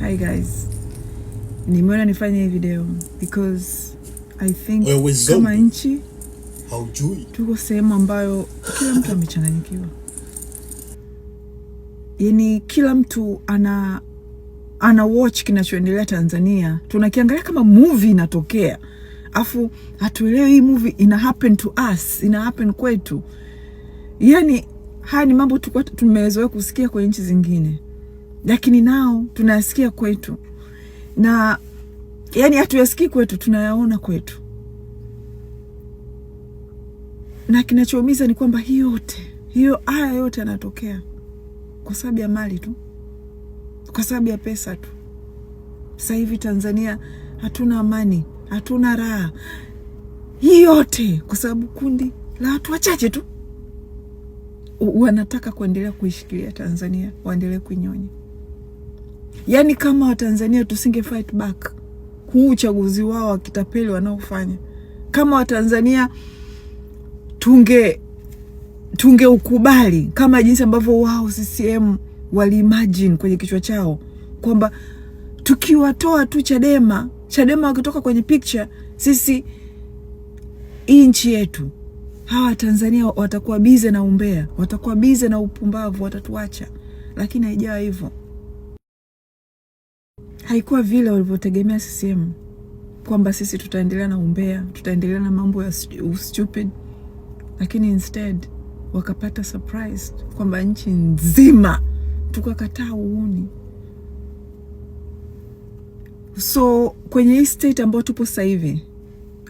Hi guys, nimeona nifanye hii video because I think wewe kama nchi haujui, tuko sehemu ambayo kila mtu amechanganyikiwa, yaani kila mtu ana ana watch kinachoendelea Tanzania, tunakiangalia kama movie inatokea, afu hatuelewi hii movie ina happen to us, ina happen kwetu. Yani haya ni mambo tumezoea kusikia kwa nchi zingine lakini nao tunayasikia kwetu, na yani hatuyasikii kwetu, tunayaona kwetu, na kinachoumiza ni kwamba hii yote hiyo, haya yote yanatokea kwa sababu ya mali tu, kwa sababu ya pesa tu. Sasa hivi Tanzania hatuna amani, hatuna raha. Hii yote kwa sababu kundi la watu wachache tu wanataka kuendelea kuishikilia Tanzania, waendelee kuinyonya. Yaani kama Watanzania tusinge fight back huu uchaguzi wao wa kitapeli wanaofanya, kama Watanzania tunge tungeukubali kama jinsi ambavyo wao CCM waliimagine kwenye kichwa chao kwamba tukiwatoa tu Chadema, Chadema wakitoka kwenye picture, sisi hii nchi yetu, hawa Tanzania watakuwa bize na umbea, watakuwa bize na upumbavu, watatuacha. Lakini haijawa hivyo haikuwa vile walivyotegemea CCM kwamba sisi tutaendelea na umbea, tutaendelea na mambo ya stupid, lakini instead wakapata surprise kwamba nchi nzima tukakataa uuni. So kwenye hii state ambayo tupo sasa hivi,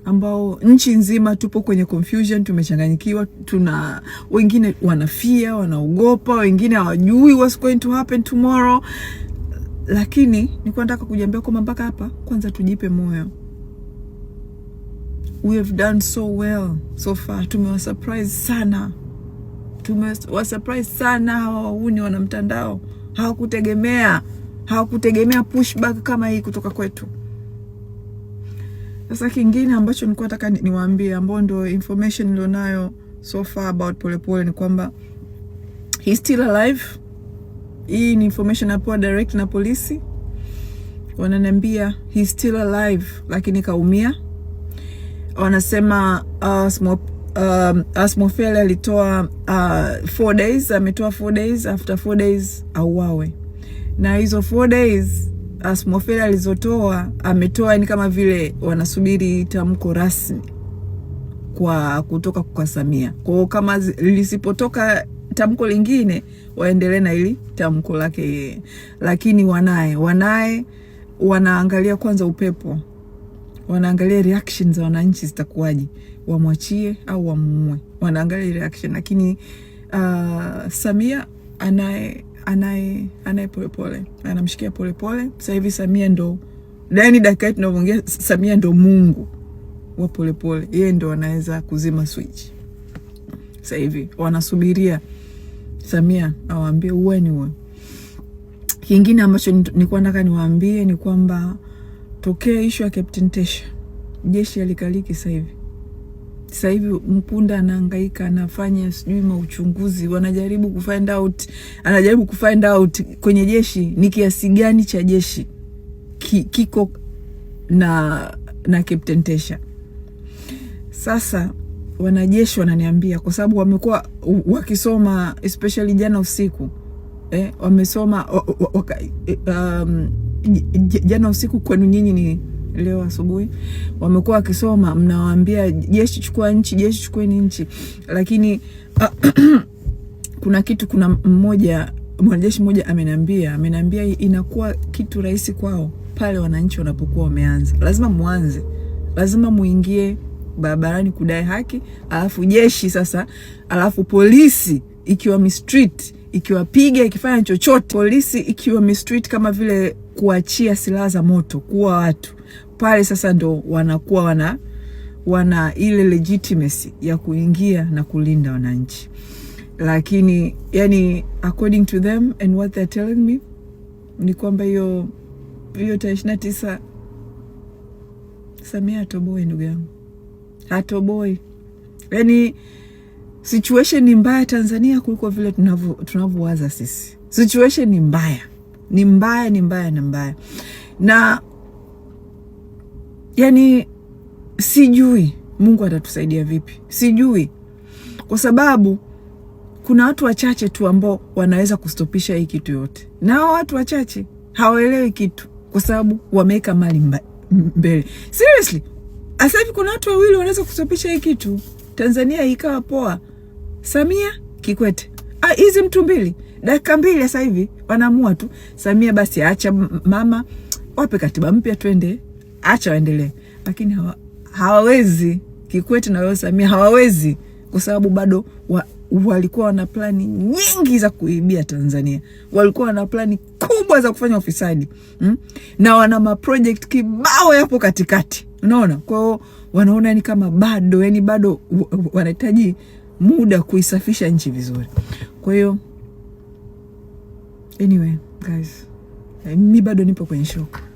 ambao nchi nzima tupo kwenye confusion, tumechanganyikiwa, tuna wengine wanafia, wanaogopa, wengine hawajui what's going to happen tomorrow lakini nikuwa nataka kujiambia kwamba mpaka hapa kwanza tujipe moyo. We have done so well so far. Tumewasurprise sana, tumewasurprise sana hawa wauni wanamtandao. Hawakutegemea, hawakutegemea pushback kama hii kutoka kwetu. Sasa kingine ambacho nilikuwa nataka niwaambie, ambao ndo information nilionayo so far about Polepole ni kwamba he still alive hii ni information napewa direct na polisi, wananiambia he still alive, lakini kaumia. Wanasema uh, um, ah, alitoa uh, four days, ametoa four days, after four days auawe. Na hizo four days Asmofele alizotoa ametoa, ni kama vile wanasubiri tamko rasmi kwa kutoka kwa Samia kwao, kama lisipotoka tamko lingine, waendelee na hili tamko lake yeye. Lakini wanaye wanaye wanaangalia kwanza upepo, wanaangalia reaction za wananchi zitakuwaje, wamwachie au wamuue, wanaangalia reaction. Lakini uh, Samia anaye anaye anaye polepole, anamshikia polepole. Sasa hivi Samia ndo yaani, dakika hii tunavyoongea, Samia ndo Mungu wa polepole, yeye ndo anaweza kuzima switch sasa hivi wanasubiria Samia awaambie uweni uwe. Kingine ambacho nilikuwa nataka niwaambie ni kwamba tokea ishu ya Captain Tesha jeshi alikaliki sasa hivi. Sasa hivi Mpunda anahangaika, anafanya sijui mauchunguzi, wanajaribu kufind out, anajaribu kufind out kwenye jeshi ni kiasi gani cha jeshi ki, kiko na na Captain Tesha. Sasa wanajeshi wananiambia, kwa sababu wamekuwa wakisoma especially jana usiku eh, wamesoma eh, um, jana usiku kwenu nyinyi ni leo asubuhi, wamekuwa wakisoma, mnawaambia jeshi chukua nchi, jeshi chukueni nchi, lakini uh, kuna kitu, kuna mmoja mwanajeshi mmoja ameniambia, ameniambia inakuwa kitu rahisi kwao pale wananchi wanapokuwa wameanza. Lazima muanze, lazima muingie barabarani kudai haki, alafu jeshi sasa, alafu polisi ikiwa mistreat ikiwapiga ikifanya chochote, polisi ikiwa mistreat kama vile kuachia silaha za moto kuwa watu pale, sasa ndo wanakuwa wana wana ile legitimacy ya kuingia na kulinda wananchi, lakini yani according to them and what they're telling me ni kwamba hiyo hiyo tarehe ishirini na tisa Samia atoboe, ndugu yangu hatoboi. Yani situation ni mbaya Tanzania kuliko vile tunavyowaza sisi. Situation ni mbaya, ni mbaya, ni mbaya na mbaya na yani, sijui Mungu atatusaidia vipi, sijui kwa sababu kuna watu wachache tu ambao wanaweza kustopisha hii kitu yote, na hao watu wachache hawaelewi kitu, kwa sababu wameweka mali mbele. Seriously. Sasa hivi kuna watu wawili wanaweza kusababisha hii kitu, Tanzania ikawa poa. Samia Kikwete, ah, hizi mtu mbili, dakika mbili sasa hivi wanaamua tu. Samia basi acha mama, wape katiba mpya, twende, acha waendelee. Lakini hawa, hawawezi Kikwete na Samia hawawezi kwa sababu bado wa, walikuwa wana plani nyingi za kuibia Tanzania, walikuwa wana plani kubwa za kufanya ufisadi mm? na wana maprojekt kibao yapo katikati, unaona. Kwa hiyo wanaona ni kama bado yani bado wanahitaji muda kuisafisha nchi vizuri. Kwa hiyo anyway guys, mi bado nipo kwenye shoka.